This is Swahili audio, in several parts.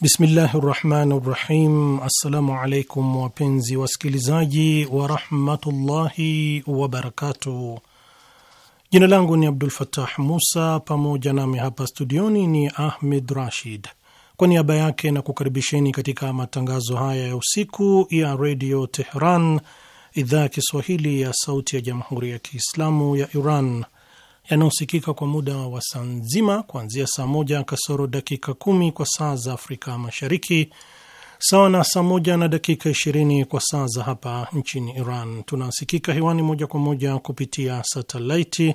Bismillahi rahmani rahim. Assalamu alaikum wapenzi wasikilizaji warahmatullahi wabarakatuh. Jina langu ni Abdul Fattah Musa, pamoja nami hapa studioni ni Ahmed Rashid. Kwa niaba yake na kukaribisheni katika matangazo haya ya usiku ya Redio Tehran, idhaa ya Kiswahili ya sauti ya jamhuri ya Kiislamu ya Iran yanayosikika kwa muda wa saa nzima kuanzia saa moja kasoro dakika kumi kwa saa za Afrika Mashariki, sawa na saa moja na dakika ishirini kwa saa za hapa nchini Iran. Tunasikika hewani moja kwa moja kupitia satelaiti,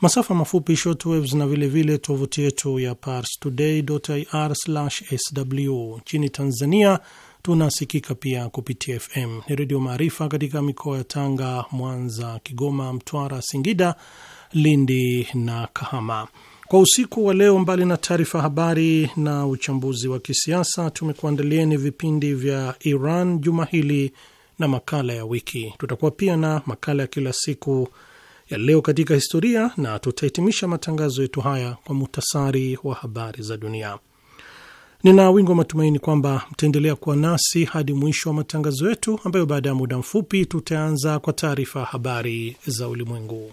masafa mafupi short waves, na vilevile tovuti yetu ya parstoday.ir/sw. Nchini Tanzania tunasikika pia kupitia FM ni Redio Maarifa katika mikoa ya Tanga, Mwanza, Kigoma, Mtwara, Singida Lindi na Kahama. Kwa usiku wa leo, mbali na taarifa habari na uchambuzi wa kisiasa, tumekuandalieni vipindi vya Iran juma hili na makala ya wiki. Tutakuwa pia na makala ya kila siku ya leo katika historia, na tutahitimisha matangazo yetu haya kwa muhtasari wa habari za dunia. Nina wingi wa matumaini kwamba mtaendelea kuwa nasi hadi mwisho wa matangazo yetu, ambayo baada ya muda mfupi tutaanza kwa taarifa habari za ulimwengu.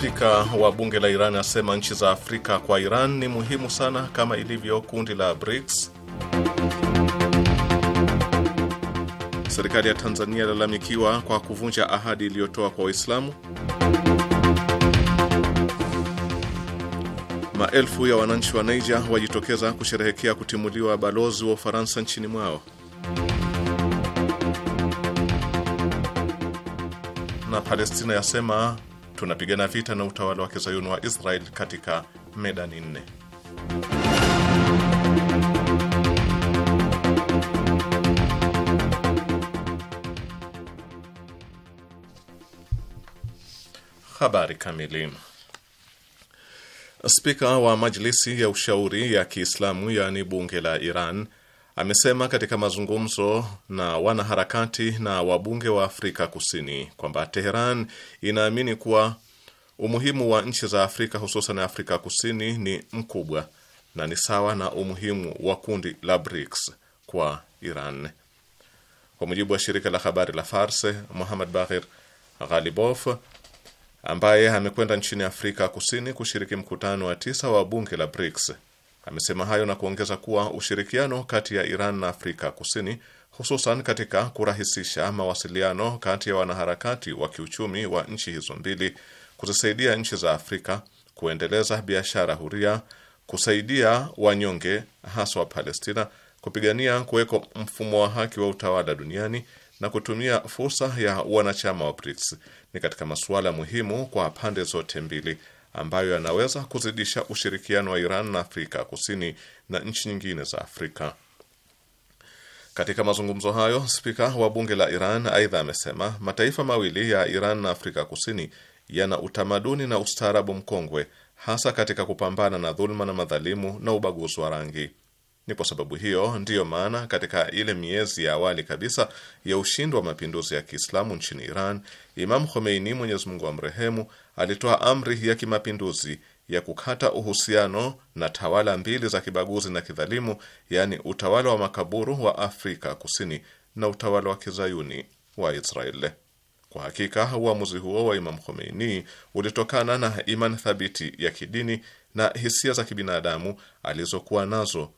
Spika wa bunge la Iran asema nchi za Afrika kwa Iran ni muhimu sana kama ilivyo kundi la BRICS. Serikali ya Tanzania ilalamikiwa kwa kuvunja ahadi iliyotoa kwa Waislamu. Maelfu ya wananchi wa Niger wajitokeza kusherehekea kutimuliwa balozi wa Ufaransa nchini mwao. Na Palestina yasema tunapigana vita na utawala wa kizayuni wa Israel katika medani nne. Habari kamili. Spika wa Majlisi ya Ushauri ya Kiislamu yaani bunge la Iran amesema katika mazungumzo na wanaharakati na wabunge wa Afrika Kusini kwamba Teheran inaamini kuwa umuhimu wa nchi za Afrika hususan Afrika Kusini ni mkubwa na ni sawa na umuhimu wa kundi la BRICS kwa Iran. Kwa mujibu wa shirika la habari la Farse, Muhammad Bahir Ghalibof ambaye amekwenda nchini Afrika Kusini kushiriki mkutano wa tisa wa bunge la BRICS Amesema hayo na kuongeza kuwa ushirikiano kati ya Iran na Afrika Kusini, hususan katika kurahisisha mawasiliano kati ya wanaharakati wa kiuchumi wa nchi hizo mbili, kuzisaidia nchi za Afrika kuendeleza biashara huria, kusaidia wanyonge, hasa wa Palestina, kupigania kuweko mfumo wa haki wa utawala duniani na kutumia fursa ya wanachama wa BRICS ni katika masuala muhimu kwa pande zote mbili ambayo yanaweza kuzidisha ushirikiano wa Iran na Afrika Kusini na nchi nyingine za Afrika. Katika mazungumzo hayo, spika wa bunge la Iran aidha amesema mataifa mawili ya Iran na Afrika Kusini yana utamaduni na ustaarabu mkongwe, hasa katika kupambana na dhuluma na madhalimu na ubaguzi wa rangi. Ni kwa sababu hiyo ndiyo maana katika ile miezi ya awali kabisa ya ushindi wa mapinduzi ya Kiislamu nchini Iran, Imam Khomeini, Mwenyezi Mungu mrehemu alitoa amri ya kimapinduzi ya kukata uhusiano na tawala mbili za kibaguzi na kidhalimu, yaani utawala wa makaburu wa Afrika Kusini na utawala wa kizayuni wa Israeli. Kwa hakika uamuzi huo wa Imam Khomeini ulitokana na imani thabiti ya kidini na hisia za kibinadamu alizokuwa nazo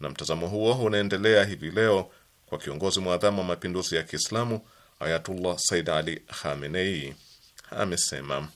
na mtazamo huo unaendelea hivi leo kwa kiongozi mwadhamu wa mapinduzi ya Kiislamu Ayatullah Said Ali Khamenei amesema.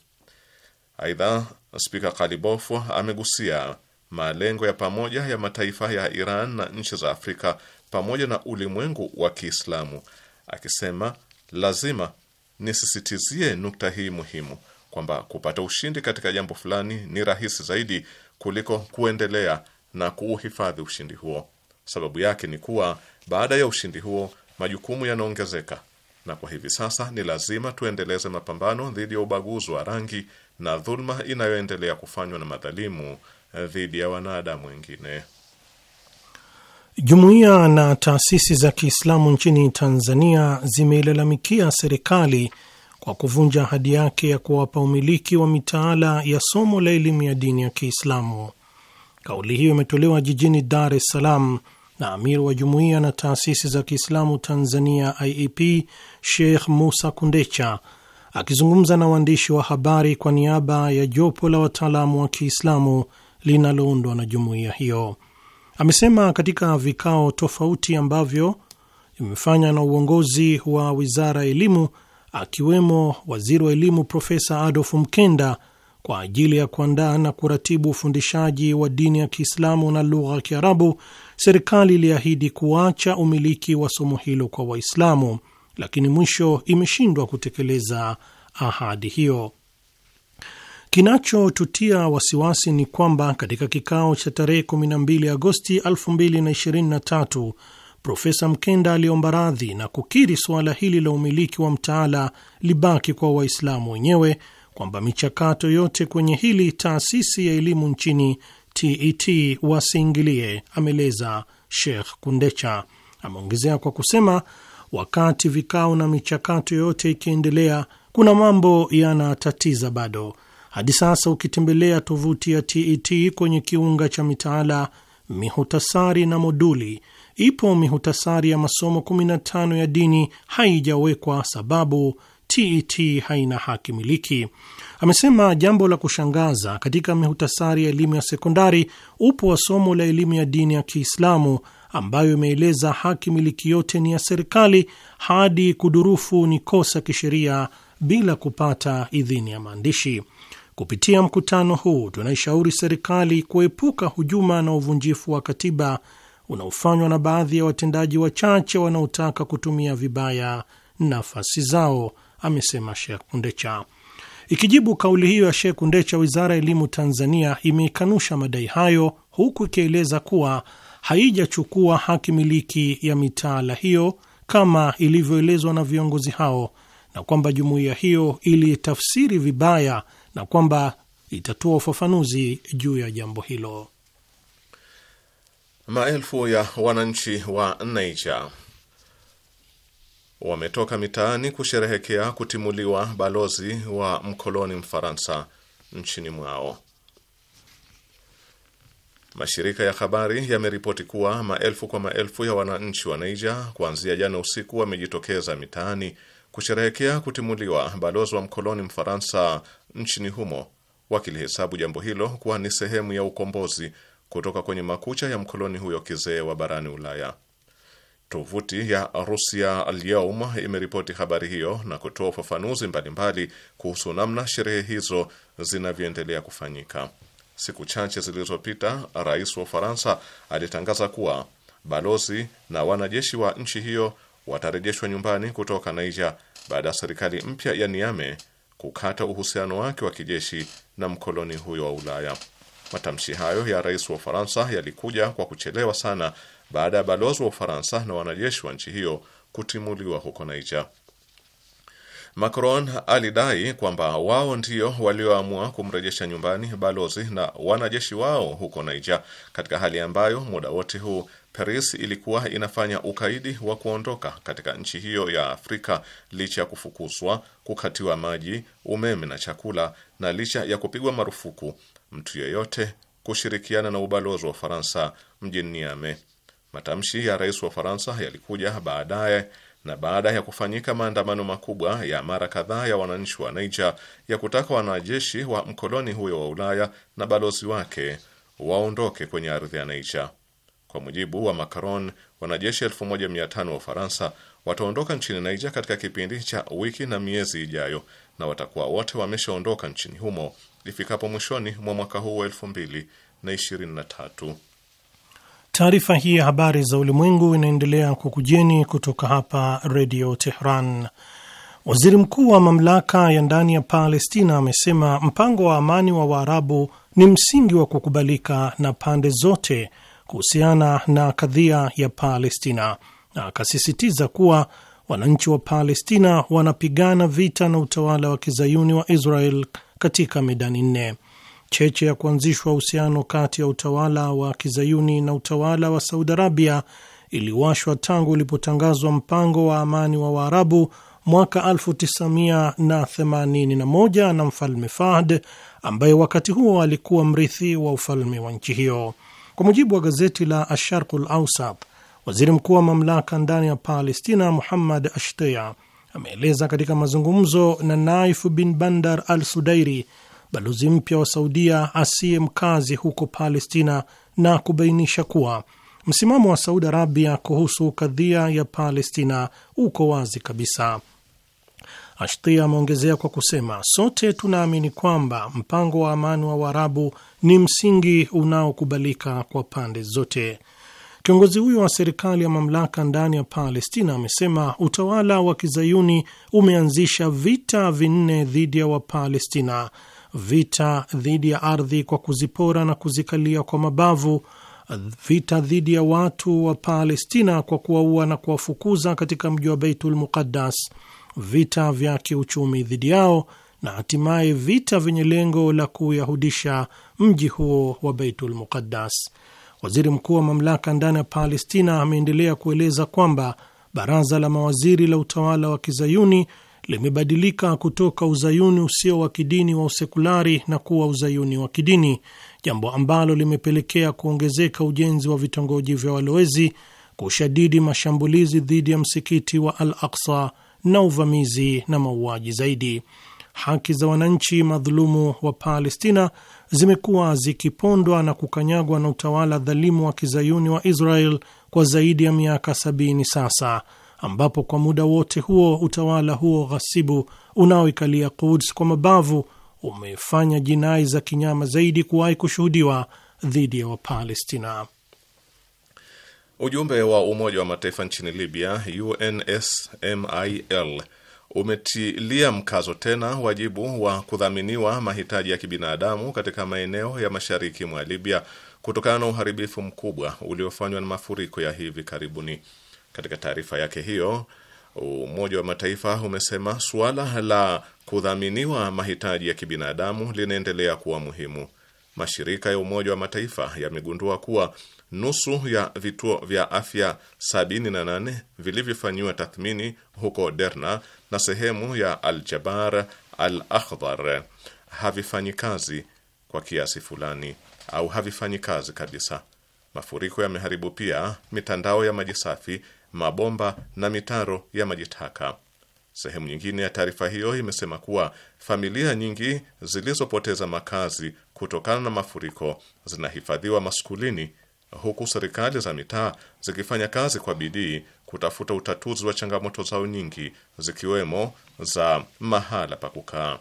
Aidha, Spika Kalibof amegusia malengo ya pamoja ya mataifa ya Iran na nchi za Afrika pamoja na ulimwengu wa Kiislamu akisema, lazima nisisitizie nukta hii muhimu kwamba kupata ushindi katika jambo fulani ni rahisi zaidi kuliko kuendelea na kuuhifadhi ushindi huo. Sababu yake ni kuwa baada ya ushindi huo majukumu yanaongezeka, na kwa hivi sasa ni lazima tuendeleze mapambano dhidi ya ubaguzi wa rangi na dhuluma inayoendelea kufanywa na madhalimu eh, dhidi ya wanadamu wengine. Jumuiya na taasisi za Kiislamu nchini Tanzania zimeilalamikia serikali kwa kuvunja ahadi yake ya kuwapa umiliki wa mitaala ya somo la elimu ya dini ya Kiislamu. Kauli hiyo imetolewa jijini Dar es Salaam na amir wa jumuiya na taasisi za Kiislamu Tanzania IEP Sheikh Musa Kundecha akizungumza na waandishi wa habari kwa niaba ya jopo la wataalamu wa Kiislamu linaloundwa na jumuiya hiyo. Amesema katika vikao tofauti ambavyo imefanya na uongozi wa wizara ya elimu, akiwemo waziri wa elimu Profesa adolfu Mkenda kwa ajili ya kuandaa na kuratibu ufundishaji wa dini ya Kiislamu na lugha ya Kiarabu, serikali iliahidi kuacha umiliki wa somo hilo kwa Waislamu, lakini mwisho imeshindwa kutekeleza ahadi hiyo. Kinachotutia wasiwasi ni kwamba katika kikao cha tarehe 12 Agosti 2023 Profesa Mkenda aliomba radhi na kukiri suala hili la umiliki wa mtaala libaki kwa Waislamu wenyewe kwamba michakato yote kwenye hili taasisi ya elimu nchini TET e wasiingilie, ameeleza Sheikh Kundecha. Ameongezea kwa kusema, wakati vikao na michakato yote ikiendelea, kuna mambo yanatatiza bado. Hadi sasa ukitembelea tovuti ya TET e kwenye kiunga cha mitaala, mihutasari na moduli, ipo mihutasari ya masomo 15 ya dini haijawekwa, sababu TET haina haki miliki. Amesema jambo la kushangaza katika mihutasari ya elimu ya sekondari upo wa somo la elimu ya dini ya Kiislamu ambayo imeeleza haki miliki yote ni ya serikali hadi kudurufu ni kosa kisheria bila kupata idhini ya maandishi. Kupitia mkutano huu, tunaishauri serikali kuepuka hujuma na uvunjifu wa katiba unaofanywa na baadhi ya watendaji wachache wanaotaka kutumia vibaya nafasi zao amesema Sheikh Kundecha. Ikijibu kauli hiyo ya Sheikh Kundecha, wizara ya elimu Tanzania imeikanusha madai hayo, huku ikieleza kuwa haijachukua haki miliki ya mitaala hiyo kama ilivyoelezwa na viongozi hao na kwamba jumuiya hiyo ilitafsiri vibaya na kwamba itatoa ufafanuzi juu ya jambo hilo. Maelfu ya wananchi wa Niger wametoka mitaani kusherehekea kutimuliwa balozi wa mkoloni Mfaransa nchini mwao. Mashirika ya habari yameripoti kuwa maelfu kwa maelfu ya wananchi wa Niger kuanzia jana usiku wamejitokeza mitaani kusherehekea kutimuliwa balozi wa mkoloni Mfaransa nchini humo, wakilihesabu jambo hilo kuwa ni sehemu ya ukombozi kutoka kwenye makucha ya mkoloni huyo kizee wa barani Ulaya. Tovuti ya Rusia Alyaum imeripoti habari hiyo na kutoa ufafanuzi mbalimbali kuhusu namna sherehe hizo zinavyoendelea kufanyika. Siku chache zilizopita, rais wa Ufaransa alitangaza kuwa balozi na wanajeshi wa nchi hiyo watarejeshwa nyumbani kutoka Naija baada ya serikali mpya ya Niame kukata uhusiano wake wa kijeshi na mkoloni huyo wa Ulaya. Matamshi hayo ya rais wa Ufaransa yalikuja kwa kuchelewa sana baada ya balozi wa Ufaransa na wanajeshi wa nchi hiyo kutimuliwa huko Niger. Macron alidai kwamba wao ndio walioamua kumrejesha nyumbani balozi na wanajeshi wao huko Niger, katika hali ambayo muda wote huu Paris ilikuwa inafanya ukaidi wa kuondoka katika nchi hiyo ya Afrika licha ya kufukuzwa, kukatiwa maji, umeme na chakula, na licha ya kupigwa marufuku mtu yeyote kushirikiana na ubalozi wa Ufaransa mjini Niamey. Matamshi ya rais wa Ufaransa yalikuja baadaye na baada ya kufanyika maandamano makubwa ya mara kadhaa ya wananchi wa Niger ya kutaka wanajeshi wa mkoloni huyo wa Ulaya na balozi wake waondoke kwenye ardhi ya Niger. Kwa mujibu wa Macron, wanajeshi 1500 wa Ufaransa wataondoka nchini Niger katika kipindi cha wiki na miezi ijayo na watakuwa wote wameshaondoka nchini humo ifikapo mwishoni mwa mwaka huu wa 2023. Taarifa hii ya habari za ulimwengu inaendelea kukujeni kutoka hapa Redio Tehran. Waziri mkuu wa mamlaka ya ndani ya Palestina amesema mpango wa amani wa Waarabu ni msingi wa kukubalika na pande zote kuhusiana na kadhia ya Palestina, na akasisitiza kuwa wananchi wa Palestina wanapigana vita na utawala wa kizayuni wa Israel katika medani nne cheche ya kuanzishwa uhusiano kati ya utawala wa kizayuni na utawala wa Saudi Arabia iliwashwa tangu ulipotangazwa mpango wa amani wa Waarabu mwaka 1981 na, na mfalme Fahd ambaye wakati huo alikuwa mrithi wa ufalme wa nchi hiyo. Kwa mujibu wa gazeti la Asharq Lausat, waziri mkuu wa mamlaka ndani ya Palestina Muhammad Ashtea ameeleza katika mazungumzo na Naif bin Bandar al Sudairi, balozi mpya wa Saudia asiye mkazi huko Palestina na kubainisha kuwa msimamo wa Saudi Arabia kuhusu kadhia ya Palestina uko wazi kabisa. Ashtia ameongezea kwa kusema, sote tunaamini kwamba mpango wa amani wa Waarabu ni msingi unaokubalika kwa pande zote. Kiongozi huyo wa serikali ya mamlaka ndani ya Palestina amesema utawala wa kizayuni umeanzisha vita vinne dhidi ya Wapalestina vita dhidi ya ardhi kwa kuzipora na kuzikalia kwa mabavu, vita dhidi ya watu wa Palestina kwa kuwaua na kuwafukuza katika mji wa Beitul Muqaddas, vita vya kiuchumi dhidi yao na hatimaye vita vyenye lengo la kuyahudisha mji huo wa Beitul Muqaddas. Waziri mkuu wa mamlaka ndani ya Palestina ameendelea kueleza kwamba baraza la mawaziri la utawala wa kizayuni limebadilika kutoka uzayuni usio wa kidini wa usekulari na kuwa uzayuni wa kidini, jambo ambalo limepelekea kuongezeka ujenzi wa vitongoji vya walowezi, kushadidi mashambulizi dhidi ya msikiti wa Al Aksa na uvamizi na mauaji zaidi. Haki za wananchi madhulumu wa Palestina zimekuwa zikipondwa na kukanyagwa na utawala dhalimu wa kizayuni wa Israel kwa zaidi ya miaka sabini sasa ambapo kwa muda wote huo utawala huo ghasibu unaoikalia Quds kwa mabavu umefanya jinai za kinyama zaidi kuwahi kushuhudiwa dhidi ya Wapalestina. Ujumbe wa Umoja wa Mataifa nchini Libya, UNSMIL, umetilia mkazo tena wajibu wa kudhaminiwa mahitaji ya kibinadamu katika maeneo ya mashariki mwa Libya kutokana na uharibifu mkubwa uliofanywa na mafuriko ya hivi karibuni. Katika taarifa yake hiyo, Umoja wa Mataifa umesema suala la kudhaminiwa mahitaji ya kibinadamu linaendelea kuwa muhimu. Mashirika ya Umoja wa Mataifa yamegundua kuwa nusu ya vituo vya afya 78 vilivyofanyiwa tathmini huko Derna na sehemu ya aljabar Al-Akhdar havifanyi kazi kwa kiasi fulani au havifanyi kazi kabisa. Mafuriko yameharibu pia mitandao ya maji safi mabomba na mitaro ya maji taka. Sehemu nyingine ya taarifa hiyo imesema kuwa familia nyingi zilizopoteza makazi kutokana na mafuriko zinahifadhiwa maskulini, huku serikali za mitaa zikifanya kazi kwa bidii kutafuta utatuzi wa changamoto zao nyingi, zikiwemo za mahala pa kukaa.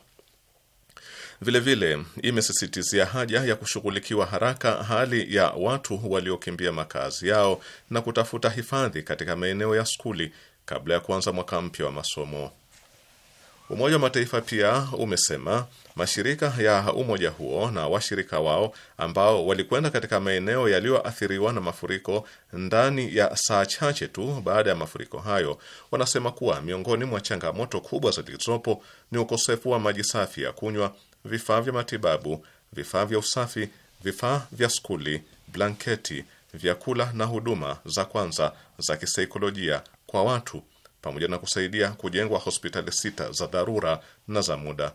Vilevile imesisitizia haja ya kushughulikiwa haraka hali ya watu waliokimbia makazi yao na kutafuta hifadhi katika maeneo ya skuli kabla ya kuanza mwaka mpya wa masomo. Umoja wa Mataifa pia umesema mashirika ya umoja huo na washirika wao ambao walikwenda katika maeneo yaliyoathiriwa na mafuriko ndani ya saa chache tu baada ya mafuriko hayo, wanasema kuwa miongoni mwa changamoto kubwa zilizopo ni ukosefu wa maji safi ya kunywa vifaa vya matibabu, vifaa vya usafi, vifaa vya skuli, blanketi, vyakula na huduma za kwanza za kisaikolojia kwa watu, pamoja na kusaidia kujengwa hospitali sita za dharura na za muda.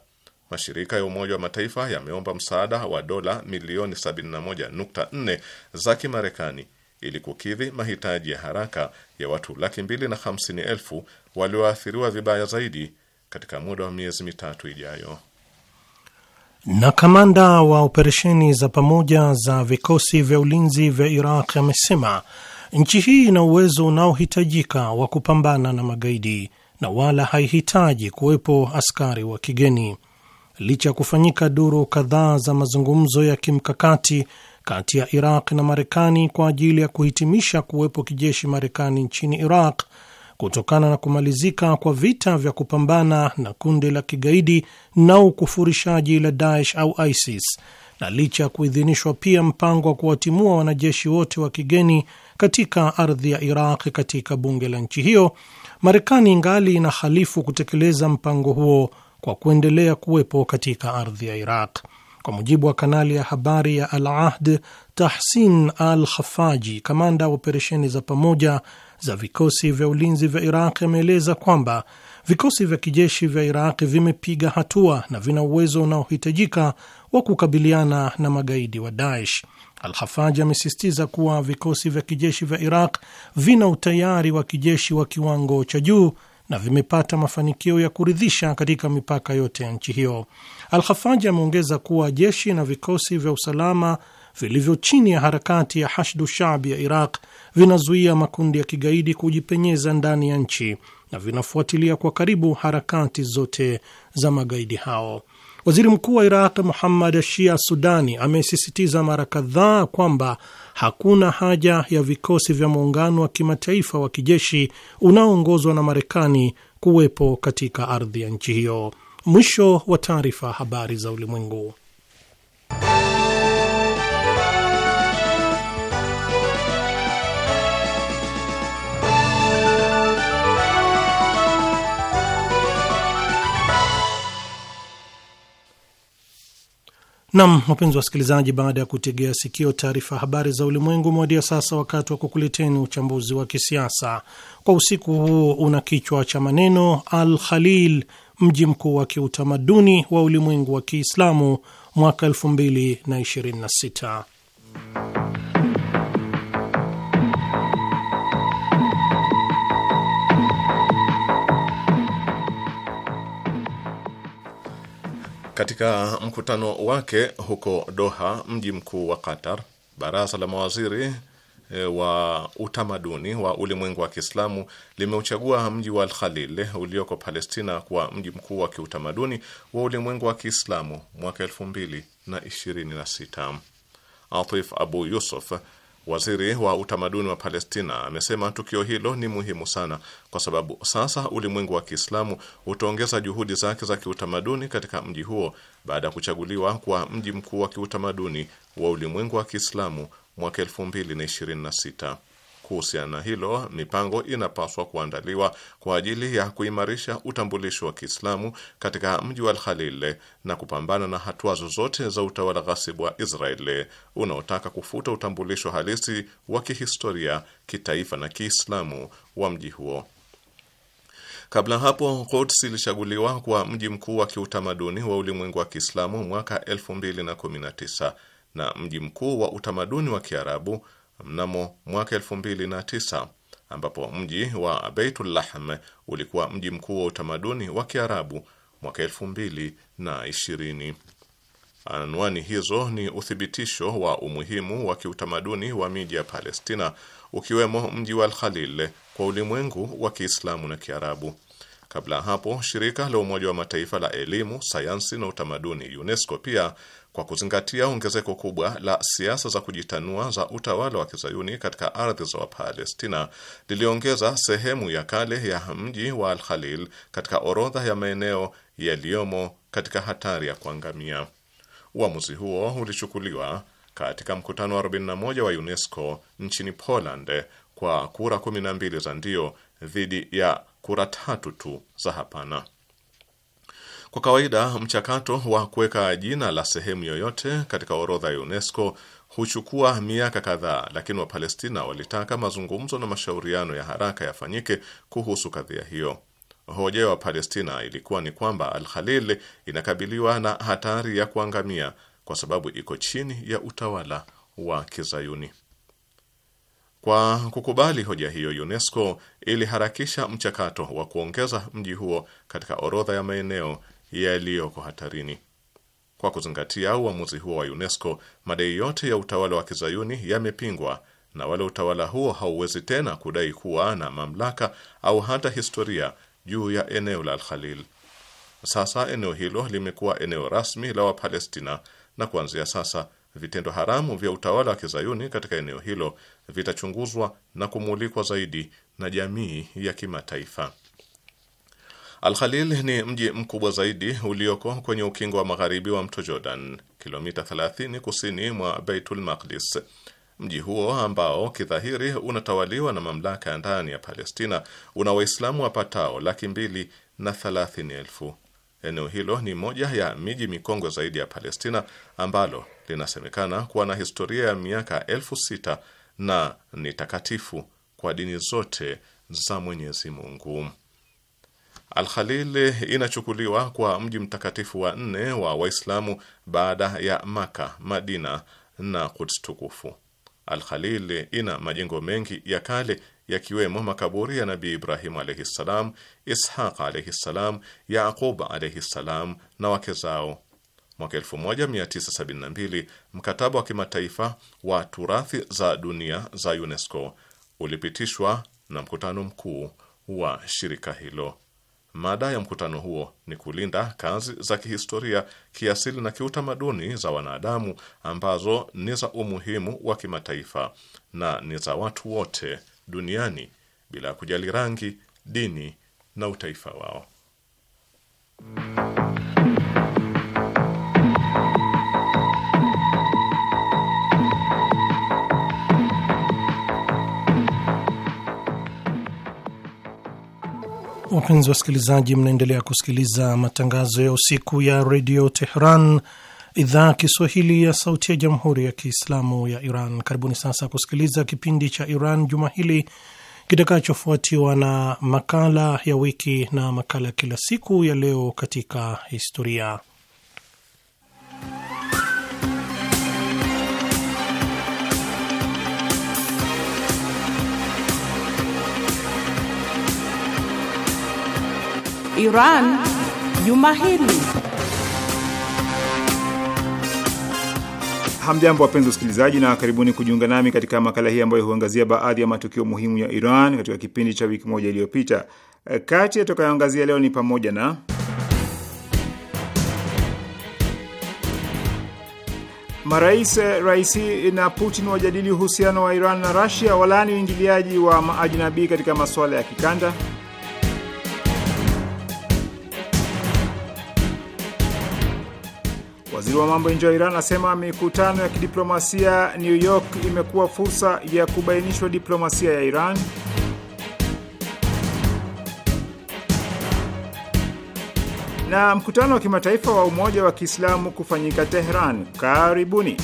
Mashirika ya Umoja wa Mataifa yameomba msaada wa dola milioni 71.4 za Kimarekani ili kukidhi mahitaji ya haraka ya watu laki mbili na hamsini elfu walioathiriwa vibaya zaidi katika muda wa miezi mitatu ijayo. Na kamanda wa operesheni za pamoja za vikosi vya ulinzi vya Iraq amesema nchi hii ina uwezo unaohitajika wa kupambana na magaidi na wala haihitaji kuwepo askari wa kigeni. Licha ya kufanyika duru kadhaa za mazungumzo ya kimkakati kati ya Iraq na Marekani kwa ajili ya kuhitimisha kuwepo kijeshi Marekani nchini Iraq, kutokana na kumalizika kwa vita vya kupambana na kundi la kigaidi na ukufurishaji la Daesh au ISIS na licha ya kuidhinishwa pia mpango wa kuwatimua wanajeshi wote wa kigeni katika ardhi ya Iraq katika bunge la nchi hiyo, Marekani ingali ina halifu kutekeleza mpango huo kwa kuendelea kuwepo katika ardhi ya Iraq. Kwa mujibu wa kanali ya habari ya Al Ahd, Tahsin Al Khafaji, kamanda wa operesheni za pamoja za vikosi vya ulinzi vya Iraq ameeleza kwamba vikosi vya kijeshi vya Iraq vimepiga hatua na vina uwezo unaohitajika wa kukabiliana na magaidi wa Daesh. alhafaji amesistiza amesisitiza kuwa vikosi vya kijeshi vya Iraq vina utayari wa kijeshi wa kiwango cha juu na vimepata mafanikio ya kuridhisha katika mipaka yote ya nchi hiyo. alhafaji ameongeza kuwa jeshi na vikosi vya usalama vilivyo chini ya harakati ya Hashdu Shaabi ya Iraq vinazuia makundi ya kigaidi kujipenyeza ndani ya nchi na vinafuatilia kwa karibu harakati zote za magaidi hao. Waziri mkuu wa Iraq Muhammad Shia Sudani amesisitiza mara kadhaa kwamba hakuna haja ya vikosi vya muungano wa kimataifa wa kijeshi unaoongozwa na Marekani kuwepo katika ardhi ya nchi hiyo. Mwisho wa taarifa. Habari za Ulimwengu. Nam, wapenzi wasikilizaji, baada ya kutegea sikio taarifa habari za ulimwengu, mwadia sasa wakati wa kukuleteni uchambuzi wa kisiasa kwa usiku huu. Una kichwa cha maneno Al Khalil, mji mkuu wa kiutamaduni wa ulimwengu wa Kiislamu mwaka 2026. Katika mkutano wake huko Doha, mji mkuu wa Qatar, baraza la mawaziri e, wa utamaduni wa ulimwengu wa Kiislamu limeuchagua mji wa Al-Khalil ulioko Palestina kuwa mji mkuu wa kiutamaduni wa ulimwengu wa Kiislamu mwaka 2026. Atif Abu Yusuf Waziri wa utamaduni wa Palestina amesema tukio hilo ni muhimu sana kwa sababu sasa ulimwengu wa Kiislamu utaongeza juhudi zake za kiutamaduni katika mji huo baada ya kuchaguliwa kwa mji mkuu wa kiutamaduni wa ulimwengu wa Kiislamu mwaka 2026. Kuhusiana na hilo, mipango inapaswa kuandaliwa kwa ajili ya kuimarisha utambulisho wa Kiislamu katika mji wa al na kupambana na hatua zozote za utawala ghasibu wa Israeli unaotaka kufuta utambulisho halisi wa kihistoria, kitaifa na Kiislamu wa mji huo. Kabla hapo Quds ilichaguliwa kuwa mji mkuu wa kiutamaduni wa ulimwengu wa Kiislamu mwaka 2019 na mji mkuu wa utamaduni wa Kiarabu mnamo mwaka tisa ambapo mji wa Beitullahm ulikuwa mji mkuu wa utamaduni wa Kiarabu mwaka ishirini. Anwani hizo ni uthibitisho wa umuhimu wa kiutamaduni wa miji ya Palestina ukiwemo mji wa Alkhalil kwa ulimwengu wa Kiislamu na Kiarabu. Kabla hapo, shirika la Umoja wa Mataifa la elimu, sayansi na utamaduni UNESCO pia kwa kuzingatia ongezeko kubwa la siasa za kujitanua za utawala wa kizayuni katika ardhi za Wapalestina, liliongeza sehemu ya kale ya mji wa Al Khalil katika orodha ya maeneo yaliyomo katika hatari ya kuangamia. Uamuzi huo ulichukuliwa katika mkutano wa 41 wa UNESCO nchini Poland kwa kura 12 za ndio dhidi ya kura tatu tu za hapana. Kwa kawaida mchakato wa kuweka jina la sehemu yoyote katika orodha ya UNESCO huchukua miaka kadhaa, lakini Wapalestina walitaka mazungumzo na mashauriano ya haraka yafanyike kuhusu kadhia hiyo. Hoja ya Wapalestina ilikuwa ni kwamba Al-Khalil inakabiliwa na hatari ya kuangamia kwa sababu iko chini ya utawala wa Kizayuni. Kwa kukubali hoja hiyo, UNESCO iliharakisha mchakato wa kuongeza mji huo katika orodha ya maeneo yaliyoko hatarini. Kwa kuzingatia uamuzi huo wa UNESCO, madai yote ya utawala wa kizayuni yamepingwa na wale utawala huo hauwezi tena kudai kuwa na mamlaka au hata historia juu ya eneo la Al-Khalil. Sasa eneo hilo limekuwa eneo rasmi la Wapalestina, na kuanzia sasa vitendo haramu vya utawala wa kizayuni katika eneo hilo vitachunguzwa na kumulikwa zaidi na jamii ya kimataifa. Al-Khalil ni mji mkubwa zaidi ulioko kwenye ukingo wa magharibi wa mto Jordan, kilomita 30 kusini mwa Baitul Maqdis. Mji huo ambao kidhahiri unatawaliwa na mamlaka ya ndani ya Palestina una Waislamu wapatao laki mbili na thelathini elfu. Eneo hilo ni moja ya miji mikongwe zaidi ya Palestina ambalo linasemekana kuwa na historia ya miaka elfu sita na ni takatifu kwa dini zote za Mwenyezi Mungu. Alkhalil inachukuliwa kwa mji mtakatifu wa nne wa Waislamu baada ya Maka, Madina na Quds tukufu. Alkhalil ina majengo mengi ya kale yakiwemo makaburi ya Nabii ibrahimu alaihi ssalam Ishaq alaihi ssalam Yaqub alaihi ssalam na wake zao. Mwaka 1972 mkataba wa kimataifa wa turathi za dunia za UNESCO ulipitishwa na mkutano mkuu wa shirika hilo. Mada ya mkutano huo ni kulinda kazi za kihistoria, kiasili na kiutamaduni za wanadamu ambazo ni za umuhimu wa kimataifa na ni za watu wote duniani bila kujali rangi, dini na utaifa wao. Wapenzi wasikilizaji, mnaendelea kusikiliza matangazo ya usiku ya redio Tehran, idhaa Kiswahili ya sauti ya jamhuri ya kiislamu ya Iran. Karibuni sasa kusikiliza kipindi cha Iran juma hili kitakachofuatiwa na makala ya wiki na makala ya kila siku ya leo katika historia. Iran juma hili. Hamjambo, wapenzi wasikilizaji, na karibuni kujiunga nami katika makala hii ambayo huangazia baadhi ya matukio muhimu ya Iran katika kipindi cha wiki moja iliyopita. Eh, kati ya tutakayoangazia leo ni pamoja na Marais eh, Raisi na Putin wajadili uhusiano wa Iran na Rasia, walaani uingiliaji wa maajinabii katika masuala ya kikanda Waziri wa mambo ya nje wa Iran anasema mikutano ya kidiplomasia New York imekuwa fursa ya kubainishwa diplomasia ya Iran. Na mkutano wa kimataifa wa umoja wa Kiislamu kufanyika Tehran karibuni.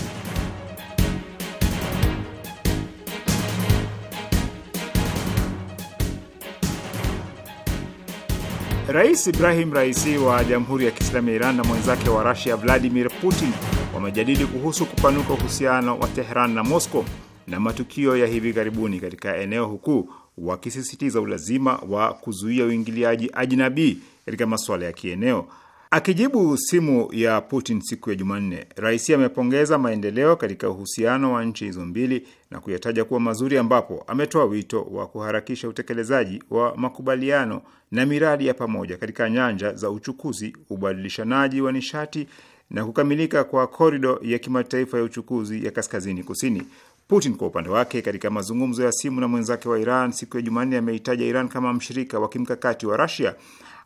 Rais Ibrahim Raisi wa Jamhuri ya Kiislamu ya Iran na mwenzake wa Rusia Vladimir Putin wamejadili kuhusu kupanuka uhusiano wa Teheran na Moscow na matukio ya hivi karibuni katika eneo, huku wakisisitiza ulazima wa kuzuia uingiliaji ajnabii katika masuala ya kieneo. Akijibu simu ya Putin siku ya Jumanne, rais amepongeza maendeleo katika uhusiano wa nchi hizo mbili na kuyataja kuwa mazuri, ambapo ametoa wito wa kuharakisha utekelezaji wa makubaliano na miradi ya pamoja katika nyanja za uchukuzi, ubadilishanaji wa nishati na kukamilika kwa korido ya kimataifa ya uchukuzi ya kaskazini kusini. Putin kwa upande wake, katika mazungumzo ya simu na mwenzake wa Iran siku ya Jumanne, ameitaja Iran kama mshirika wa kimkakati wa Russia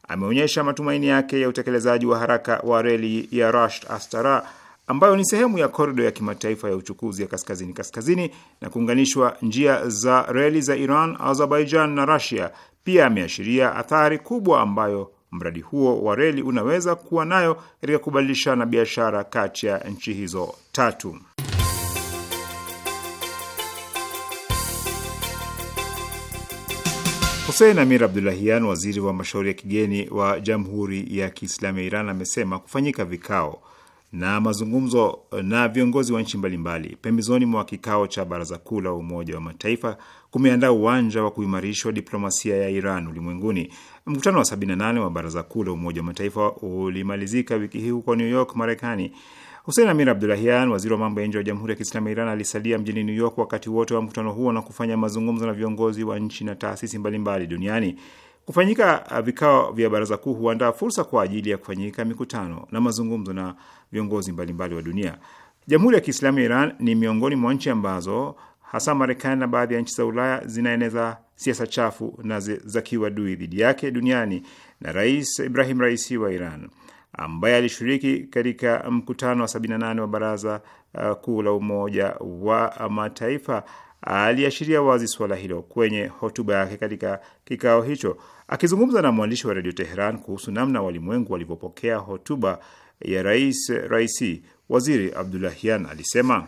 ameonyesha matumaini yake ya utekelezaji wa haraka wa reli ya Rasht Astara ambayo ni sehemu ya korido ya kimataifa ya uchukuzi ya kaskazini kaskazini na kuunganishwa njia za reli za Iran, Azerbaijan na Russia. Pia ameashiria athari kubwa ambayo mradi huo wa reli unaweza kuwa nayo katika kubadilishana biashara kati ya nchi hizo tatu. Husein Amir Abdulahian, waziri wa mashauri ya kigeni wa Jamhuri ya Kiislamu ya Iran, amesema kufanyika vikao na mazungumzo na viongozi wa nchi mbalimbali pembezoni mwa kikao cha Baraza Kuu la Umoja wa Mataifa kumeandaa uwanja wa kuimarishwa diplomasia ya Iran ulimwenguni. Mkutano wa 78 wa Baraza Kuu la Umoja wa Mataifa ulimalizika wiki hii huko New York, Marekani. Husein Amir Abdulahian, waziri wa mambo ya nje wa Jamhuri ya Kiislamu ya Iran, alisalia mjini New York wakati wote wa mkutano huo na kufanya mazungumzo na viongozi wa nchi na taasisi mbalimbali mbali duniani. Kufanyika uh, vikao vya baraza kuu huandaa fursa kwa ajili ya kufanyika mikutano na mazungumzo na viongozi mbalimbali mbali wa dunia. Jamhuri ya Kiislamu ya Iran ni miongoni mwa nchi ambazo hasa Marekani na baadhi ya nchi za Ulaya zinaeneza siasa chafu na za kiwadui dhidi yake duniani na Rais Ibrahim Raisi wa Iran ambaye alishiriki katika mkutano wa 78 wa Baraza uh, Kuu la Umoja wa Mataifa aliashiria wazi suala hilo kwenye hotuba yake katika kikao hicho. Akizungumza na mwandishi wa redio Teheran kuhusu namna walimwengu walivyopokea hotuba ya rais Raisi, waziri Abdulahian alisema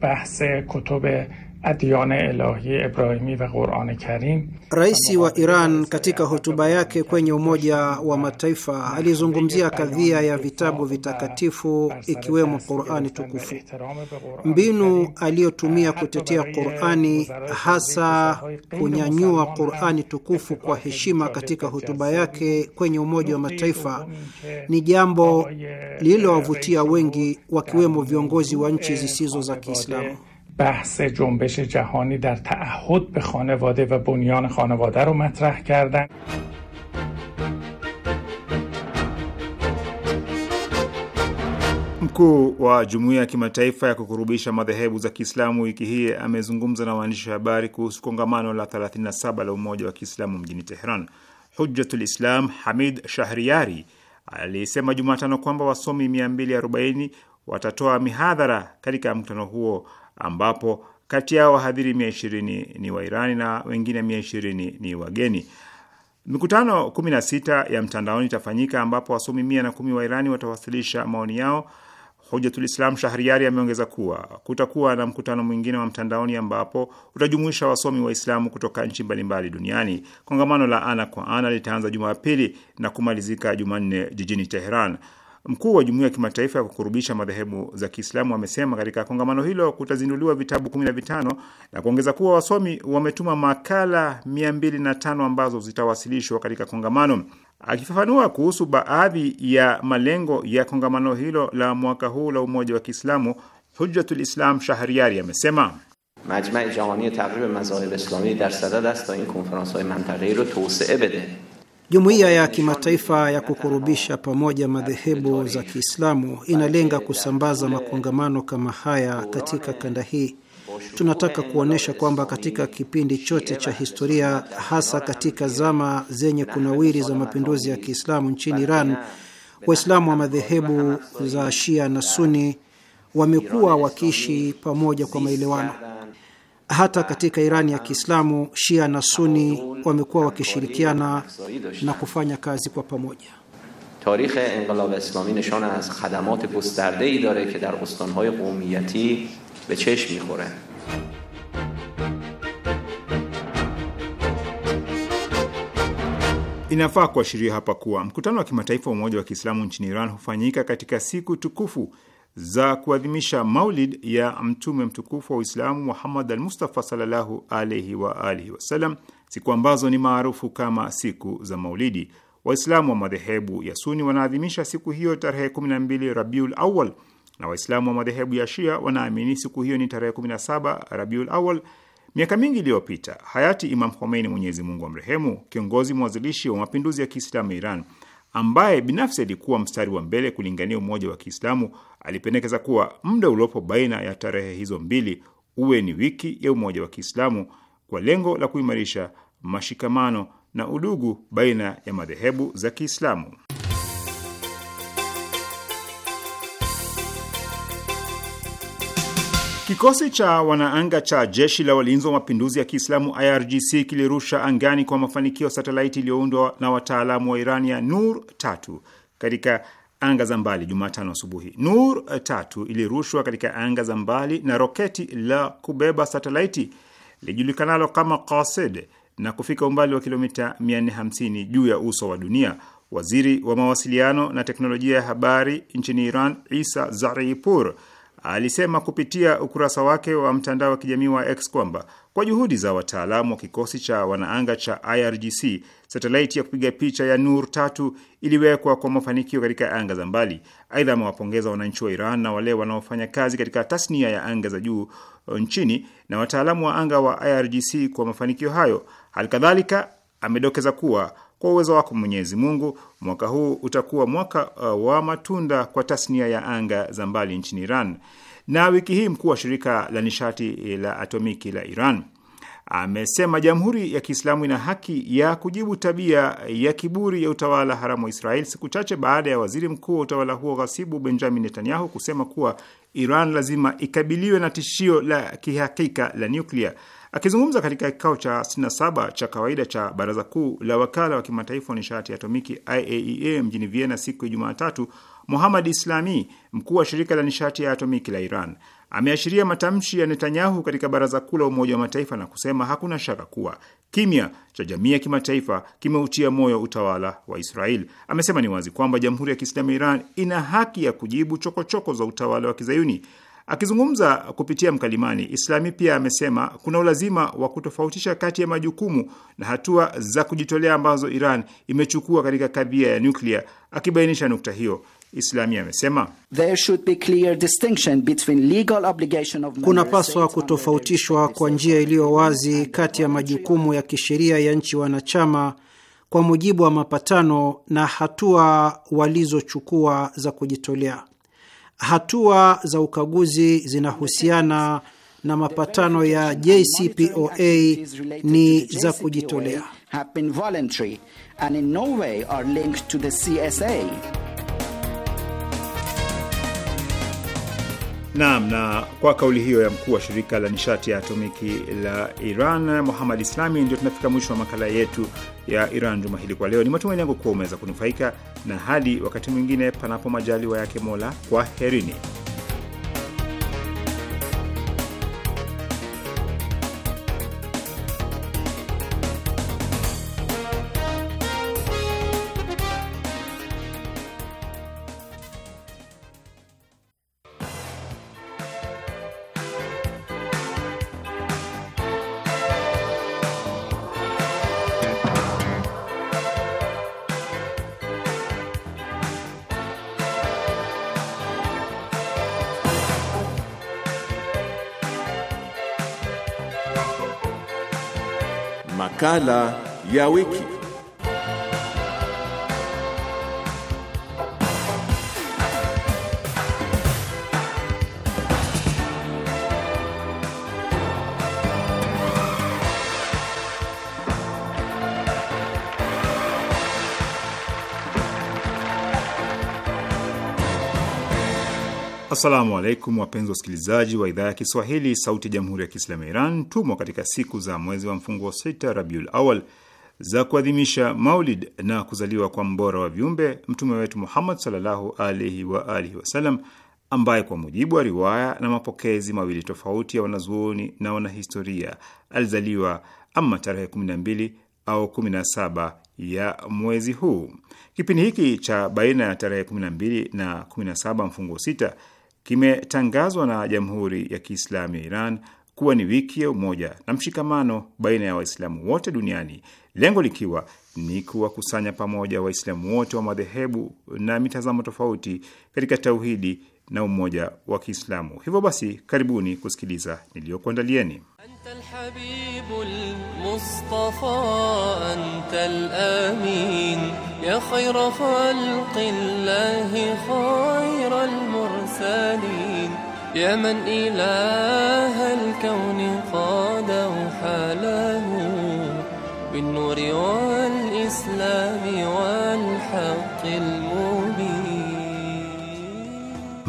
bahse kutube Ilahi Ibrahimi wa Karim. Rais wa Iran katika hotuba yake kwenye Umoja wa Mataifa alizungumzia kadhia ya vitabu vitakatifu ikiwemo Qurani tukufu. Mbinu aliyotumia kutetea Qurani, hasa kunyanyua Qurani tukufu kwa heshima katika hotuba yake kwenye Umoja wa Mataifa, ni jambo lililowavutia wengi, wakiwemo viongozi wa nchi zisizo za Kiislamu. بحث جنبش جهانی در تعهد به خانواده و بنیان خانواده رو مطرح کردن Mkuu wa Jumuiya ya Kimataifa ya Kukurubisha Madhehebu za Kiislamu wiki hii amezungumza na waandishi wa habari kuhusu kongamano la 37 la Umoja wa Kiislamu mjini Teheran. Hujjatul Islam Hamid Shahriari alisema Jumatano kwamba wasomi 240 watatoa mihadhara katika mkutano huo ambapo kati yao wahadhiri mia ishirini ni Wairani na wengine mia ishirini ni wageni. Mikutano kumi na sita ya mtandaoni itafanyika ambapo wasomi mia na kumi wa Irani watawasilisha maoni yao. Islam Shahriari ameongeza kuwa kutakuwa na mkutano mwingine wa mtandaoni ambapo utajumuisha wasomi Waislamu kutoka nchi mbalimbali duniani. Kongamano la ana kwa ana litaanza Jumapili na kumalizika Jumanne jijini Teheran. Mkuu wa jumuiya ya kimataifa ya kukurubisha madhehebu za Kiislamu amesema katika kongamano hilo kutazinduliwa vitabu kumi na vitano na kuongeza kuwa wasomi wametuma makala mia mbili na tano ambazo zitawasilishwa katika kongamano. Akifafanua kuhusu baadhi ya malengo ya kongamano hilo la mwaka huu la umoja wa Kiislamu, Hujjatul Islam Shahriari amesema majma jahani tahrib mazahib islami dar sadad ast ta in konferanshay mantaghei ro tosee bede Jumuiya ya kimataifa ya kukurubisha pamoja madhehebu za Kiislamu inalenga kusambaza makongamano kama haya katika kanda hii. Tunataka kuonyesha kwamba katika kipindi chote cha historia, hasa katika zama zenye kunawiri za mapinduzi ya Kiislamu nchini Iran, Waislamu wa madhehebu za Shia na Suni wamekuwa wakiishi pamoja kwa maelewano. Hata katika Irani ya Kiislamu, Shia na Suni wamekuwa wakishirikiana na kufanya kazi kwa pamoja. Inafaa kuashiria hapa kuwa mkutano wa kimataifa wa umoja wa Kiislamu nchini Iran hufanyika katika siku tukufu za kuadhimisha maulid ya mtume mtukufu wa Uislamu Muhammad al-Mustafa sallallahu alaihi wa alihi wasallam, siku ambazo ni maarufu kama siku za maulidi. Waislamu wa madhehebu ya Suni wanaadhimisha siku hiyo tarehe 12 Rabiul Awal, na Waislamu wa madhehebu ya Shia wanaamini siku hiyo ni tarehe 17 Rabiul Awal. Miaka mingi iliyopita hayati Imam Khomeini, Mwenyezi Mungu amrehemu, kiongozi mwanzilishi wa mapinduzi ya Kiislamu Iran, ambaye binafsi alikuwa mstari wa mbele kulingania umoja wa Kiislamu, Alipendekeza kuwa muda uliopo baina ya tarehe hizo mbili uwe ni wiki ya umoja wa Kiislamu kwa lengo la kuimarisha mashikamano na udugu baina ya madhehebu za Kiislamu. Kikosi cha wanaanga cha jeshi la walinzi wa mapinduzi ya Kiislamu IRGC kilirusha angani kwa mafanikio satelaiti iliyoundwa na wataalamu wa Iran ya Nur tatu katika anga za mbali Jumatano asubuhi. Nur eh, tatu ilirushwa katika anga za mbali na roketi la kubeba satelaiti lijulikanalo kama kased na kufika umbali wa kilomita 450 juu ya uso wa dunia. Waziri wa mawasiliano na teknolojia ya habari nchini Iran, Isa Zaripur, alisema kupitia ukurasa wake wa mtandao wa kijamii wa X kwamba kwa juhudi za wataalamu wa kikosi cha wanaanga cha IRGC, satelaiti ya kupiga picha ya Nur tatu iliwekwa kwa mafanikio katika anga za mbali. Aidha, amewapongeza wananchi wa Iran na wale wanaofanya kazi katika tasnia ya anga za juu nchini na wataalamu wa anga wa IRGC kwa mafanikio hayo. Halikadhalika amedokeza kuwa kwa uwezo wako Mwenyezi Mungu, mwaka huu utakuwa mwaka uh, wa matunda kwa tasnia ya anga za mbali nchini Iran. Na wiki hii mkuu wa shirika la nishati eh, la atomiki la Iran amesema Jamhuri ya Kiislamu ina haki ya kujibu tabia ya kiburi ya utawala haramu wa Israel, siku chache baada ya waziri mkuu wa utawala huo ghasibu Benjamin Netanyahu kusema kuwa Iran lazima ikabiliwe na tishio la kihakika la nyuklia. Akizungumza katika kikao cha 67 cha kawaida cha baraza kuu la wakala wa kimataifa wa nishati ya atomiki IAEA e mjini Vienna siku ya Jumatatu, Muhamad Islami, mkuu wa shirika la nishati ya atomiki la Iran, ameashiria matamshi ya Netanyahu katika baraza kuu la Umoja wa Mataifa na kusema hakuna shaka kuwa kimya cha jamii ya kimataifa kimeutia moyo utawala wa Israel. Amesema ni wazi kwamba Jamhuri ya Kiislamu ya Iran ina haki ya kujibu chokochoko choko za utawala wa kizayuni Akizungumza kupitia mkalimani, Islami pia amesema kuna ulazima wa kutofautisha kati ya majukumu na hatua za kujitolea ambazo Iran imechukua katika kadhia ya nyuklia. Akibainisha nukta hiyo Islami amesema kunapaswa kutofautishwa kwa njia iliyo wazi kati ya majukumu ya kisheria ya nchi wanachama kwa mujibu wa mapatano na hatua walizochukua za kujitolea hatua za ukaguzi zinahusiana na mapatano ya JCPOA ni za kujitolea. Naam, na kwa kauli hiyo ya mkuu wa shirika la nishati ya atomiki la Iran Muhammad Islami, ndio tunafika mwisho wa makala yetu ya Iran juma hili kwa leo. Ni matumaini yangu kuwa umeweza kunufaika, na hadi wakati mwingine, panapo majaliwa yake Mola, herini makala ya wiki. Assalamu alaikum wapenzi wasikilizaji wa idhaa ya Kiswahili sauti ya jamhuri ya kiislamu ya Iran. Tumo katika siku za mwezi wa mfungo wa sita Rabiul Awal za kuadhimisha Maulid na kuzaliwa kwa mbora wa viumbe mtume wetu Muhammad sallallahu alaihi wa alihi wasallam, ambaye kwa mujibu wa riwaya na mapokezi mawili tofauti ya wanazuoni na wanahistoria alizaliwa ama tarehe 12 au 17 ya mwezi huu. Kipindi hiki cha baina ya tarehe 12 na 17 mfungo sita kimetangazwa na Jamhuri ya Kiislamu ya Iran kuwa ni wiki ya umoja na mshikamano baina ya Waislamu wote duniani, lengo likiwa ni kuwakusanya pamoja Waislamu wote wa madhehebu na mitazamo tofauti katika tauhidi na umoja wa Kiislamu. Hivyo basi, karibuni kusikiliza niliyokuandalieni.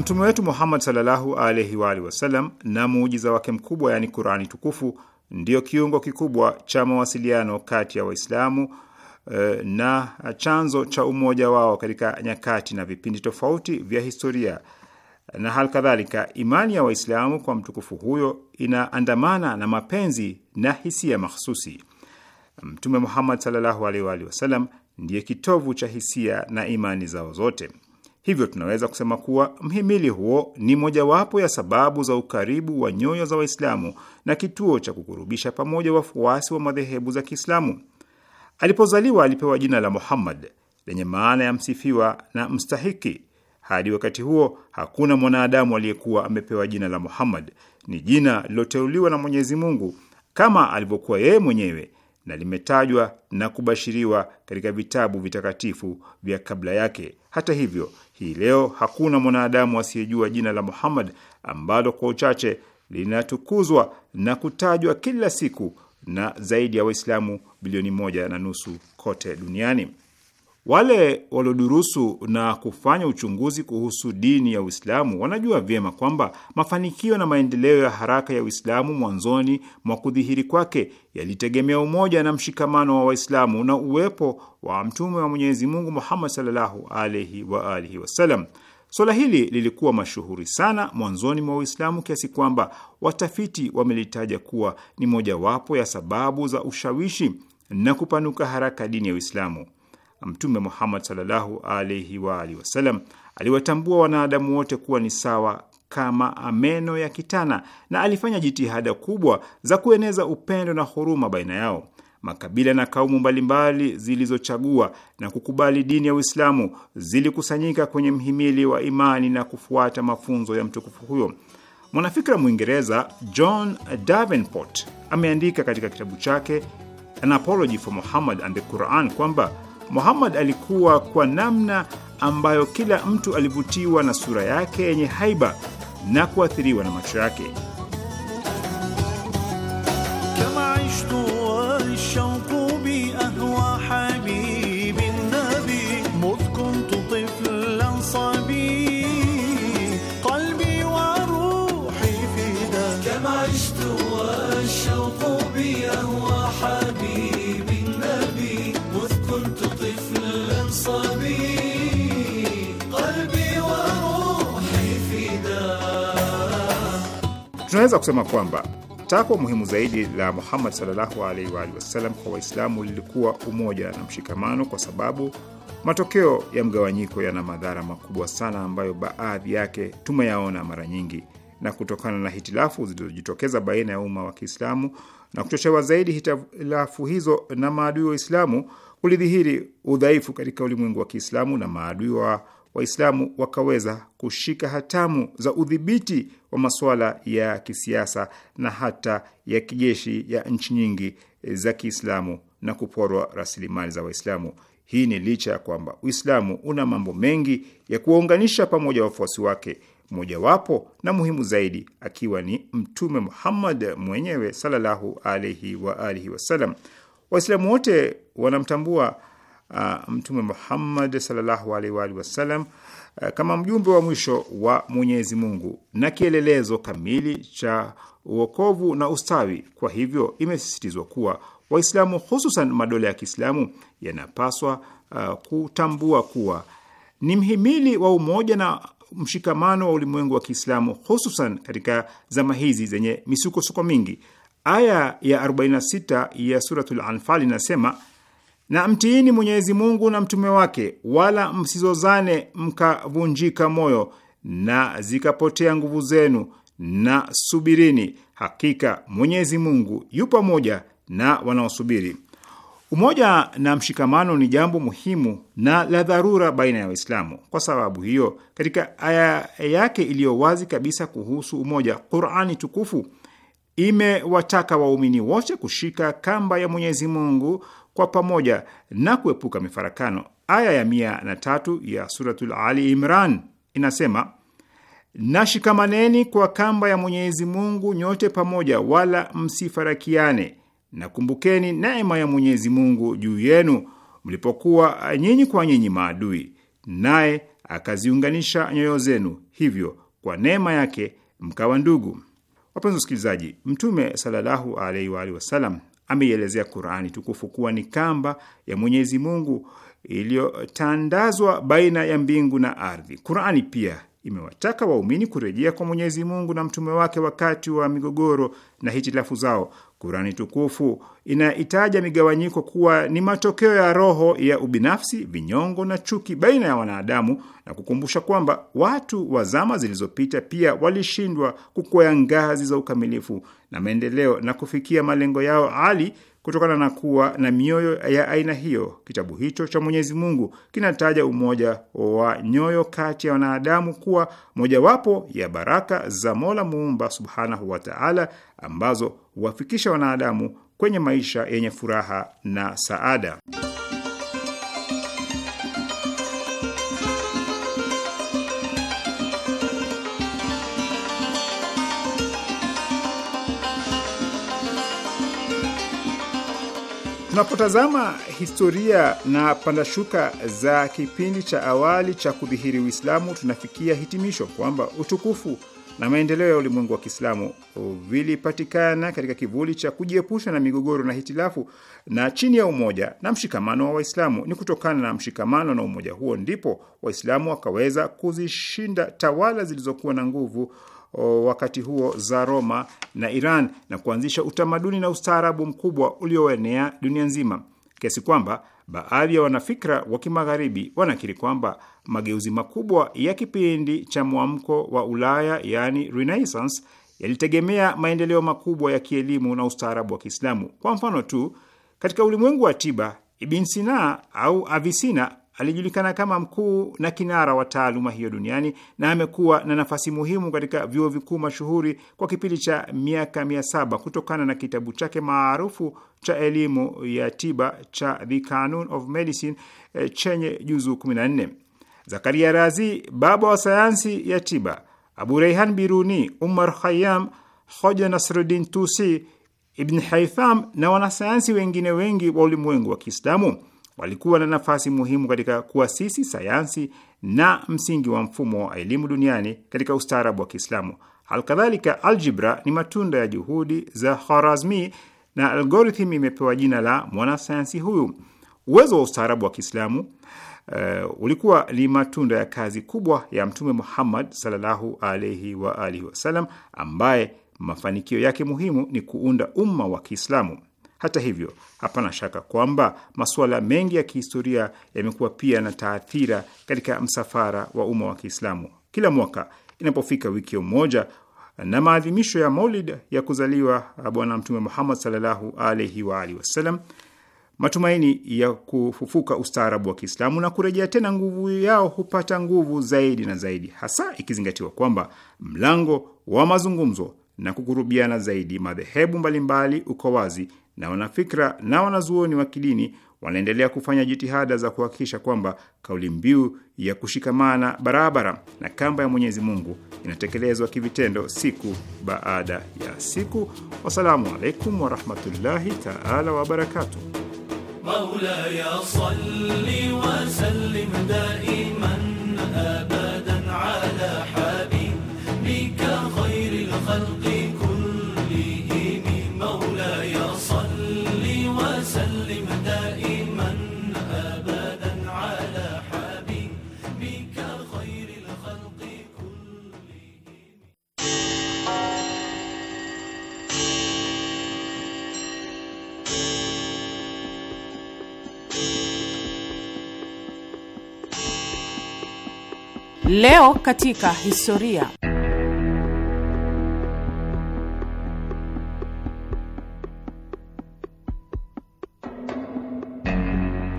Mtume wetu Muhammad sallallahu alaihi wa alihi wasallam na muujiza wake mkubwa, yaani Qurani tukufu ndiyo kiungo kikubwa cha mawasiliano kati ya Waislamu eh, na chanzo cha umoja wao katika nyakati na vipindi tofauti vya historia. Na hali kadhalika, imani ya Waislamu kwa mtukufu huyo inaandamana na mapenzi na hisia mahsusi. Mtume Muhammad sallallahu alaihi wa alihi wasallam ndiye kitovu cha hisia na imani zao zote. Hivyo tunaweza kusema kuwa mhimili huo ni mojawapo ya sababu za ukaribu wa nyoyo za Waislamu na kituo cha kukurubisha pamoja wafuasi wa madhehebu za Kiislamu. Alipozaliwa alipewa jina la Muhammad lenye maana ya msifiwa na mstahiki. Hadi wakati huo hakuna mwanadamu aliyekuwa amepewa jina la Muhammad. Ni jina liloteuliwa na Mwenyezi Mungu kama alivyokuwa yeye mwenyewe na limetajwa na kubashiriwa katika vitabu vitakatifu vya kabla yake. Hata hivyo, hii leo hakuna mwanadamu asiyejua jina la Muhammad ambalo kwa uchache linatukuzwa na kutajwa kila siku na zaidi ya Waislamu bilioni moja na nusu kote duniani. Wale waliodurusu na kufanya uchunguzi kuhusu dini ya Uislamu wanajua vyema kwamba mafanikio na maendeleo ya haraka ya Uislamu mwanzoni mwa kudhihiri kwake yalitegemea umoja na mshikamano wa Waislamu na uwepo wa mtume wa Mwenyezi Mungu Muhammad sallallahu alaihi wa alihi wasallam. Suala hili lilikuwa mashuhuri sana mwanzoni mwa Uislamu kiasi kwamba watafiti wamelitaja kuwa ni mojawapo ya sababu za ushawishi na kupanuka haraka dini ya Uislamu. Mtume Muhammad sallallahu alaihi wa alihi wasallam aliwatambua wanadamu wote kuwa ni sawa kama meno ya kitana na alifanya jitihada kubwa za kueneza upendo na huruma baina yao. Makabila na kaumu mbalimbali zilizochagua na kukubali dini ya Uislamu zilikusanyika kwenye mhimili wa imani na kufuata mafunzo ya mtukufu huyo. Mwanafikra Mwingereza John Davenport ameandika katika kitabu chake An Apology for Muhammad and the Quran kwamba Muhammad alikuwa kwa namna ambayo kila mtu alivutiwa na sura yake yenye haiba na kuathiriwa na macho yake. tunaweza kusema kwamba takwa muhimu zaidi la Muhammad sallallahu alaihi wa alihi wasallam kwa Waislamu lilikuwa umoja na mshikamano, kwa sababu matokeo ya mgawanyiko yana madhara makubwa sana ambayo baadhi yake tumeyaona mara nyingi. Na kutokana na hitilafu zilizojitokeza baina ya umma wa Kiislamu na kuchochewa zaidi hitilafu hizo na maadui wa Uislamu kulidhihiri udhaifu katika ulimwengu wa Kiislamu na maadui wa Waislamu wakaweza kushika hatamu za udhibiti wa masuala ya kisiasa na hata ya kijeshi ya nchi nyingi za Kiislamu na kuporwa rasilimali za Waislamu. Hii ni licha ya kwamba Uislamu una mambo mengi ya kuwaunganisha pamoja wafuasi wake, mojawapo na muhimu zaidi akiwa ni Mtume Muhammad mwenyewe sallallahu alaihi wa alihi wasallam. Waislamu wote wanamtambua uh, Mtume Muhammad sallallahu alaihi wa alihi wasallam uh, kama mjumbe wa mwisho wa Mwenyezi Mungu na kielelezo kamili cha uokovu na ustawi. Kwa hivyo imesisitizwa kuwa Waislamu, hususan madola ya Kiislamu, yanapaswa uh, kutambua kuwa ni mhimili wa umoja na mshikamano wa ulimwengu wa Kiislamu, hususan katika zama hizi zenye misukosuko mingi. Aya ya 46 ya Suratul Anfal inasema na mtiini Mwenyezi Mungu na mtume wake, wala msizozane mkavunjika moyo na zikapotea nguvu zenu, na subirini, hakika Mwenyezi Mungu yu pamoja na wanaosubiri. Umoja na mshikamano ni jambo muhimu na la dharura baina ya Waislamu. Kwa sababu hiyo, katika aya yake iliyo wazi kabisa kuhusu umoja, Qurani tukufu imewataka waumini wote kushika kamba ya Mwenyezi Mungu kwa pamoja na kuepuka mifarakano. Aya ya mia na tatu ya Suratul Ali Imran inasema nashikamaneni kwa kamba ya Mwenyezi Mungu nyote pamoja, wala msifarakiane, na kumbukeni neema ya Mwenyezi Mungu juu yenu mlipokuwa nyinyi kwa nyinyi maadui, naye akaziunganisha nyoyo zenu, hivyo kwa neema yake mkawa ndugu. Wapenzi wasikilizaji, Mtume sallallahu alaihi wa alihi wasallam ameielezea Qurani tukufu kuwa ni kamba ya Mwenyezi Mungu iliyotandazwa baina ya mbingu na ardhi. Qurani pia imewataka waumini kurejea kwa Mwenyezi Mungu na mtume wake wakati wa migogoro na hitilafu zao. Kurani tukufu inaitaja migawanyiko kuwa ni matokeo ya roho ya ubinafsi, vinyongo na chuki baina ya wanadamu na kukumbusha kwamba watu wa zama zilizopita pia walishindwa kukwea ngazi za ukamilifu na maendeleo na kufikia malengo yao ali kutokana na kuwa na mioyo ya aina hiyo. Kitabu hicho cha Mwenyezi Mungu kinataja umoja wa nyoyo kati ya wanadamu kuwa mojawapo ya baraka za Mola Muumba subhanahu wa taala, ambazo huwafikisha wanadamu kwenye maisha yenye furaha na saada. Tunapotazama historia na pandashuka za kipindi cha awali cha kudhihiri Uislamu, tunafikia hitimisho kwamba utukufu na maendeleo ya ulimwengu wa Kiislamu vilipatikana katika kivuli cha kujiepusha na migogoro na hitilafu na chini ya umoja na mshikamano wa Waislamu. Ni kutokana na mshikamano na umoja huo ndipo Waislamu wakaweza kuzishinda tawala zilizokuwa na nguvu wakati huo za Roma na Iran na kuanzisha utamaduni na ustaarabu mkubwa ulioenea dunia nzima kiasi kwamba baadhi ya wanafikra wa kimagharibi wanakiri kwamba mageuzi makubwa ya kipindi cha mwamko wa Ulaya yani Renaissance yalitegemea maendeleo makubwa ya kielimu na ustaarabu wa Kiislamu. Kwa mfano tu, katika ulimwengu wa tiba, Ibn Sina au avisina Alijulikana kama mkuu na kinara wa taaluma hiyo duniani na amekuwa na nafasi muhimu katika vyuo vikuu mashuhuri kwa kipindi cha miaka mia saba kutokana na kitabu chake maarufu cha elimu ya tiba cha The Canon of Medicine eh, chenye juzu 14. Zakaria Razi, baba wa sayansi ya tiba, Abu Reihan Biruni, Umar khayam Hoja Nasruddin Tusi, Ibn haitham na wanasayansi wengine wengi wa ulimwengu wa Kiislamu walikuwa na nafasi muhimu katika kuasisi sayansi na msingi wa mfumo wa elimu duniani katika ustaarabu wa Kiislamu. Alkadhalika, aljibra ni matunda ya juhudi za Khwarazmi na algorithm imepewa jina la mwanasayansi huyu. Uwezo wa ustaarabu wa Kiislamu uh, ulikuwa ni matunda ya kazi kubwa ya Mtume Muhammad sallallahu alaihi wa alihi wasallam, ambaye mafanikio yake muhimu ni kuunda umma wa Kiislamu. Hata hivyo, hapana shaka kwamba masuala mengi ya kihistoria yamekuwa pia na taathira katika msafara wa umma wa Kiislamu. Kila mwaka inapofika wiki ya Umoja na maadhimisho ya Maulid ya kuzaliwa ah, Bwana Mtume Muhammad sallallahu alaihi wa alihi wasallam, matumaini ya kufufuka ustaarabu wa Kiislamu na kurejea tena nguvu yao hupata nguvu zaidi na zaidi, hasa ikizingatiwa kwamba mlango wa mazungumzo na kukurubiana zaidi madhehebu mbalimbali uko wazi na wanafikra na wanazuoni wa kidini wanaendelea kufanya jitihada za kuhakikisha kwamba kauli mbiu ya kushikamana barabara na kamba ya Mwenyezi Mungu inatekelezwa kivitendo siku baada ya siku. Wassalamu alaikum warahmatullahi taala wabarakatuh. Leo katika historia.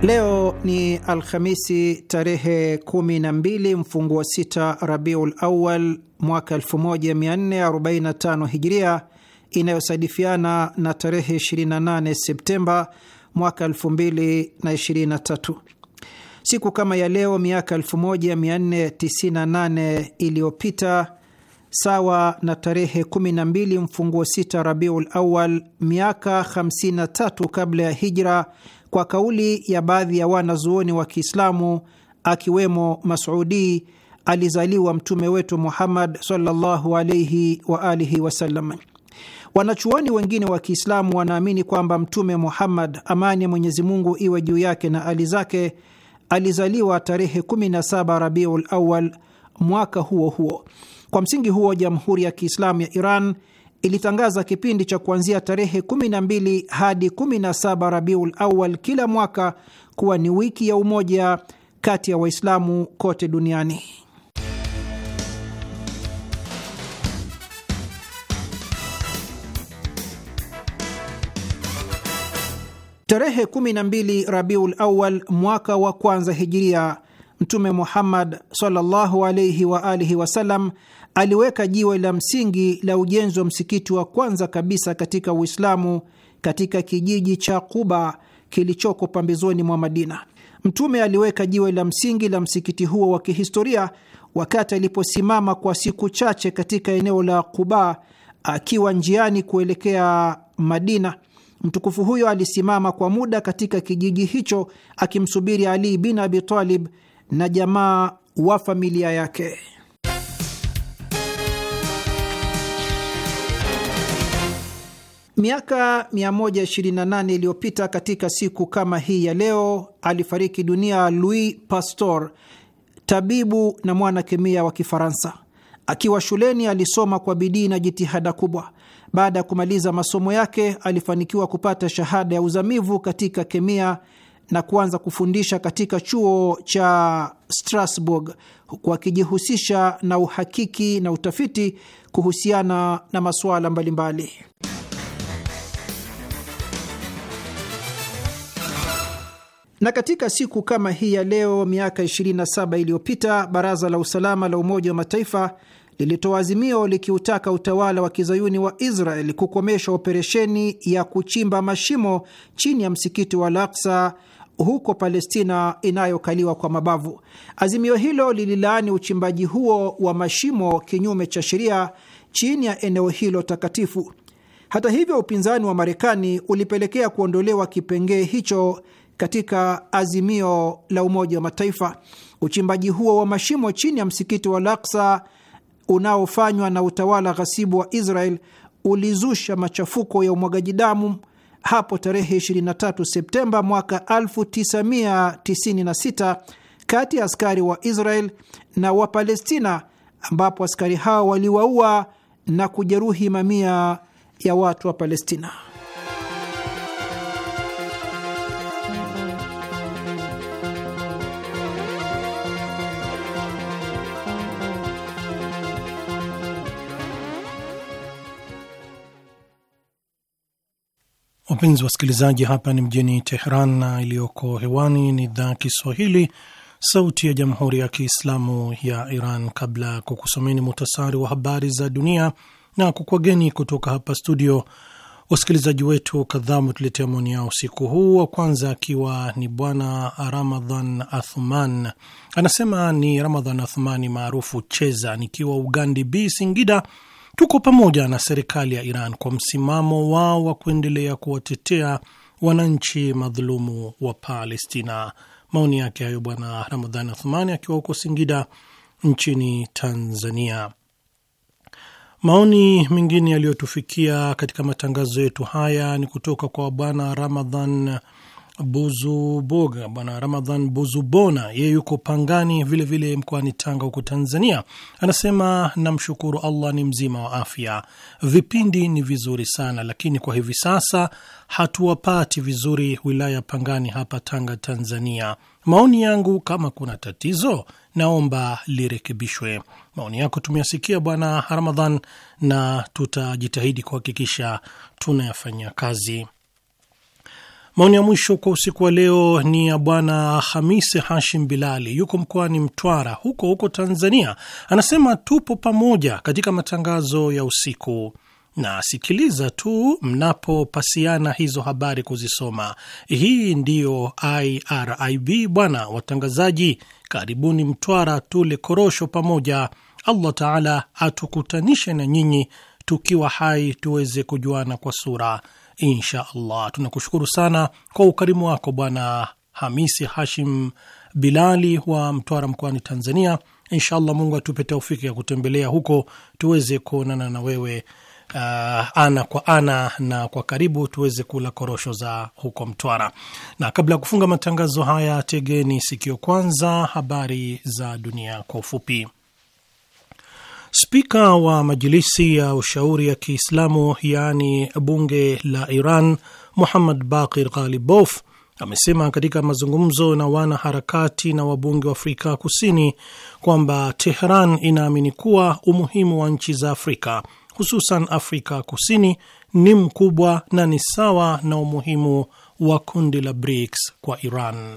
Leo ni Alhamisi tarehe 12 mfunguo sita Rabiul Awal mwaka 1445 Hijria, inayosadifiana na tarehe 28 Septemba mwaka 2023. Siku kama ya leo miaka 1498 iliyopita sawa na tarehe 12 mfunguo 6 Rabiul Awal miaka 53 kabla ya hijra, kwa kauli ya baadhi ya wanazuoni wa Kiislamu akiwemo Masudi, alizaliwa mtume wetu Muhammad sallallahu alayhi wa alihi wasallam. Wanachuoni wengine wa Kiislamu wanaamini kwamba Mtume Muhammad, amani ya Mwenyezi Mungu iwe juu yake na ali zake, alizaliwa tarehe 17 Rabiul Awal mwaka huo huo. Kwa msingi huo, Jamhuri ya Kiislamu ya Iran ilitangaza kipindi cha kuanzia tarehe 12 hadi 17 Rabiul Awal kila mwaka kuwa ni wiki ya umoja kati ya Waislamu kote duniani. Tarehe 12 Rabiul Awal mwaka wa kwanza hijiria, Mtume Muhammad sallallahu alaihi wa alihi wasallam aliweka jiwe la msingi la ujenzi wa msikiti wa kwanza kabisa katika Uislamu katika kijiji cha Quba kilichoko pambezoni mwa Madina. Mtume aliweka jiwe la msingi la msikiti huo wa kihistoria wakati aliposimama kwa siku chache katika eneo la Quba akiwa njiani kuelekea Madina. Mtukufu huyo alisimama kwa muda katika kijiji hicho akimsubiri Ali bin Abi Talib na jamaa wa familia yake. Miaka 128 iliyopita katika siku kama hii ya leo alifariki dunia Louis Pasteur, tabibu na mwana kemia wa Kifaransa. Akiwa shuleni alisoma kwa bidii na jitihada kubwa. Baada ya kumaliza masomo yake, alifanikiwa kupata shahada ya uzamivu katika kemia na kuanza kufundisha katika chuo cha Strasbourg, huku akijihusisha na uhakiki na utafiti kuhusiana na masuala mbalimbali. Na katika siku kama hii ya leo miaka 27 iliyopita, Baraza la Usalama la Umoja wa Mataifa lilitoa azimio likiutaka utawala wa kizayuni wa Israel kukomesha operesheni ya kuchimba mashimo chini ya msikiti wa Al-Aqsa huko Palestina inayokaliwa kwa mabavu. Azimio hilo lililaani uchimbaji huo wa mashimo kinyume cha sheria chini ya eneo hilo takatifu. Hata hivyo, upinzani wa Marekani ulipelekea kuondolewa kipengee hicho katika azimio la Umoja wa Mataifa. Uchimbaji huo wa mashimo chini ya msikiti wa Al-Aqsa unaofanywa na utawala ghasibu wa Israel ulizusha machafuko ya umwagaji damu hapo tarehe 23 Septemba mwaka 1996 kati ya askari wa Israel na Wapalestina, ambapo askari hao waliwaua na kujeruhi mamia ya watu wa Palestina. Wapenzi wasikilizaji, hapa ni mjini teheran na iliyoko hewani ni idhaa Kiswahili sauti ya jamhuri ya Kiislamu ya Iran. Kabla ya kukusomeni muhtasari wa habari za dunia na kukwageni kutoka hapa studio, wasikilizaji wetu kadhaa wametuletea maoni yao usiku huu. Wa kwanza akiwa ni bwana Ramadhan athuman anasema ni Ramadhan athumani maarufu Cheza, nikiwa Ugandi B Singida Tuko pamoja na serikali ya Iran kwa msimamo wao wa kuendelea kuwatetea wananchi madhulumu wa Palestina. Maoni yake hayo Bwana Ramadhan Athumani akiwa huko Singida nchini Tanzania. Maoni mengine yaliyotufikia katika matangazo yetu haya ni kutoka kwa Bwana Ramadhan Buzuboga, Bwana Ramadhan Buzubona, yeye yuko Pangani vilevile mkoani Tanga huko Tanzania, anasema namshukuru Allah ni mzima wa afya. Vipindi ni vizuri sana, lakini kwa hivi sasa hatuwapati vizuri wilaya ya Pangani hapa Tanga, Tanzania. Maoni yangu kama kuna tatizo naomba lirekebishwe. Maoni yako tumeyasikia Bwana Ramadhan, na tutajitahidi kuhakikisha tunayafanyia kazi. Maoni ya mwisho kwa usiku wa leo ni ya bwana Hamis Hashim Bilali, yuko mkoani Mtwara huko huko Tanzania. Anasema tupo pamoja katika matangazo ya usiku nasikiliza tu mnapopasiana hizo habari kuzisoma. Hii ndiyo IRIB bwana. Watangazaji karibuni Mtwara, tule korosho pamoja. Allah taala atukutanishe na nyinyi tukiwa hai tuweze kujuana kwa sura insha Allah. Tunakushukuru sana kwa ukarimu wako Bwana Hamisi Hashim Bilali wa Mtwara mkoani Tanzania. Insha Allah, Mungu atupe taufiki ya kutembelea huko tuweze kuonana na wewe uh, ana kwa ana na kwa karibu, tuweze kula korosho za huko Mtwara. Na kabla ya kufunga matangazo haya, tegeni sikio kwanza habari za dunia kwa ufupi. Spika wa Majilisi ya Ushauri ya Kiislamu yaani bunge la Iran, Muhammad Bakir Ghalibof amesema katika mazungumzo na wanaharakati na wabunge wa Afrika Kusini kwamba Tehran inaamini kuwa umuhimu wa nchi za Afrika hususan Afrika Kusini ni mkubwa na ni sawa na umuhimu wa kundi la BRICS kwa Iran.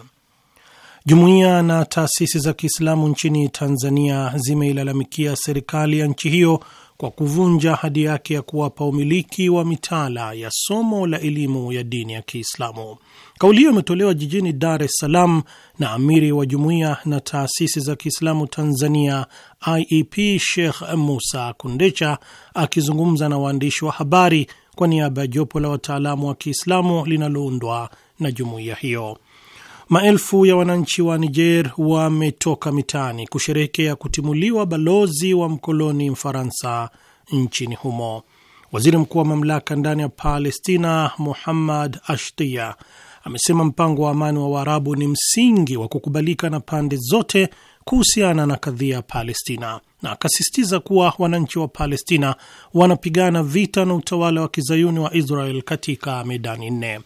Jumuiya na taasisi za Kiislamu nchini Tanzania zimeilalamikia serikali ya nchi hiyo kwa kuvunja ahadi yake ya kuwapa umiliki wa mitaala ya somo la elimu ya dini ya Kiislamu. Kauli hiyo imetolewa jijini Dar es Salaam na amiri wa Jumuiya na Taasisi za Kiislamu Tanzania IEP Sheikh Musa Kundecha akizungumza na waandishi wa habari kwa niaba ya jopo la wataalamu wa Kiislamu linaloundwa na jumuiya hiyo. Maelfu ya wananchi wa Niger wametoka mitaani kusherehekea kutimuliwa balozi wa mkoloni Mfaransa nchini humo. Waziri mkuu wa mamlaka ndani ya Palestina Muhammad Ashtiya amesema mpango wa amani wa Waarabu ni msingi wa kukubalika na pande zote kuhusiana na kadhia ya Palestina, na akasisitiza kuwa wananchi wa Palestina wanapigana vita na utawala wa kizayuni wa Israel katika medani nne.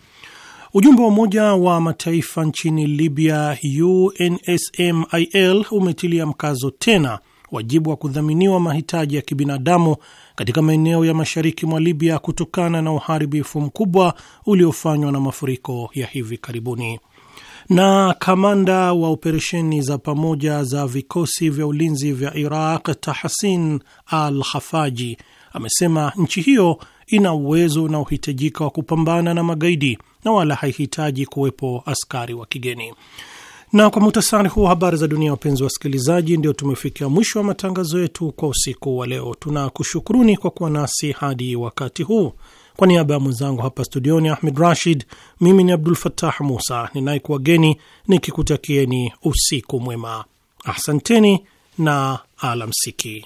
Ujumbe wa Umoja wa Mataifa nchini Libya, UNSMIL, umetilia mkazo tena wajibu wa kudhaminiwa mahitaji ya kibinadamu katika maeneo ya mashariki mwa Libya kutokana na uharibifu mkubwa uliofanywa na mafuriko ya hivi karibuni. Na kamanda wa operesheni za pamoja za vikosi vya ulinzi vya Iraq, Tahsin al Khafaji, amesema nchi hiyo ina uwezo unaohitajika wa kupambana na magaidi na wala haihitaji kuwepo askari wa kigeni. Na kwa muhtasari huu habari za dunia, wapenzi wa wasikilizaji, ndio tumefikia mwisho wa matangazo yetu kwa usiku wa leo. Tunakushukuruni kwa kuwa nasi hadi wakati huu. Kwa niaba ya mwenzangu hapa studioni Ahmed Rashid, mimi ni Abdul fatah Musa ninayekuwageni nikikutakieni usiku mwema. Asanteni na alamsiki.